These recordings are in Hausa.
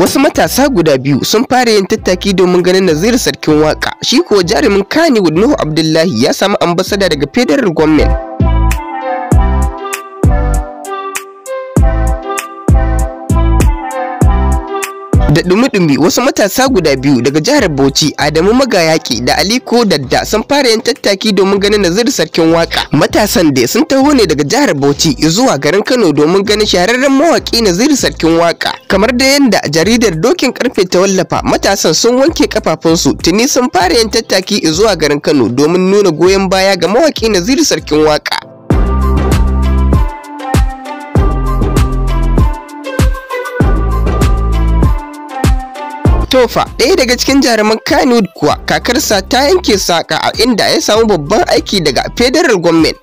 wasu matasa guda biyu sun fara yin tattaki domin ganin naziru sarkin waka shi kuwa jarumin kani nuhu abdullahi ya samu ambasada daga federal government da dumi-dumi wasu matasa guda biyu daga jihar Bauchi Adamu Magayaki da Aliko Dadda sun fara yin tattaki domin ganin nazir sarkin waka. Matasan da sun taho ne daga jihar Bauchi zuwa garin Kano domin ganin shahararren mawaki nazir sarkin waka. Kamar da yadda jaridar Dokin Karfe ta wallafa matasan sun wanke kafafunsu tuni sun fara yin tattaki zuwa garin Kano domin nuna goyon baya ga mawaki nazir sarkin waka. Tofa ɗaya daga cikin jaruman Kannywood kuwa kakarsa ta yanke saƙa a inda ya samu babban aiki daga federal government.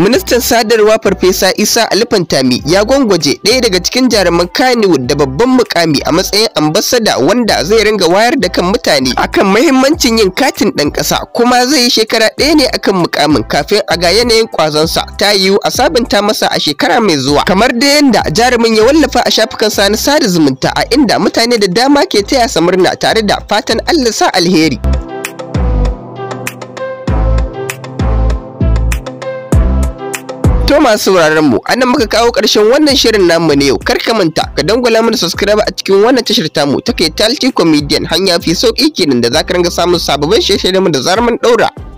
Ministan sadarwa Farfesa Isa Alifantami ya gwangwaje ɗaya daga cikin jaruman Kannywood da babban mukami a matsayin ambasada wanda zai ringa wayar da kan mutane akan mahimmancin yin katin ɗan ƙasa kuma zai yi shekara ɗaya ne akan mukamin kafin a ga yanayin kwazonsa ta yiwu a sabunta masa a shekara mai zuwa. Kamar da yanda jarumin ya wallafa a shafukan na sada zumunta a inda mutane da dama ke taya sa murna tare da fatan Allah sa alheri. To masu sauraron mu, anan muka kawo ƙarshen wannan shirin namu ne yau. Kar ka manta, ka dangwala mana subscribe a cikin wannan tashar tamu ta kai Talci Comedian hanya fi sauƙi kenan da za ka ringa samun sababbin shirye-shiryen da zarar mun ɗaura.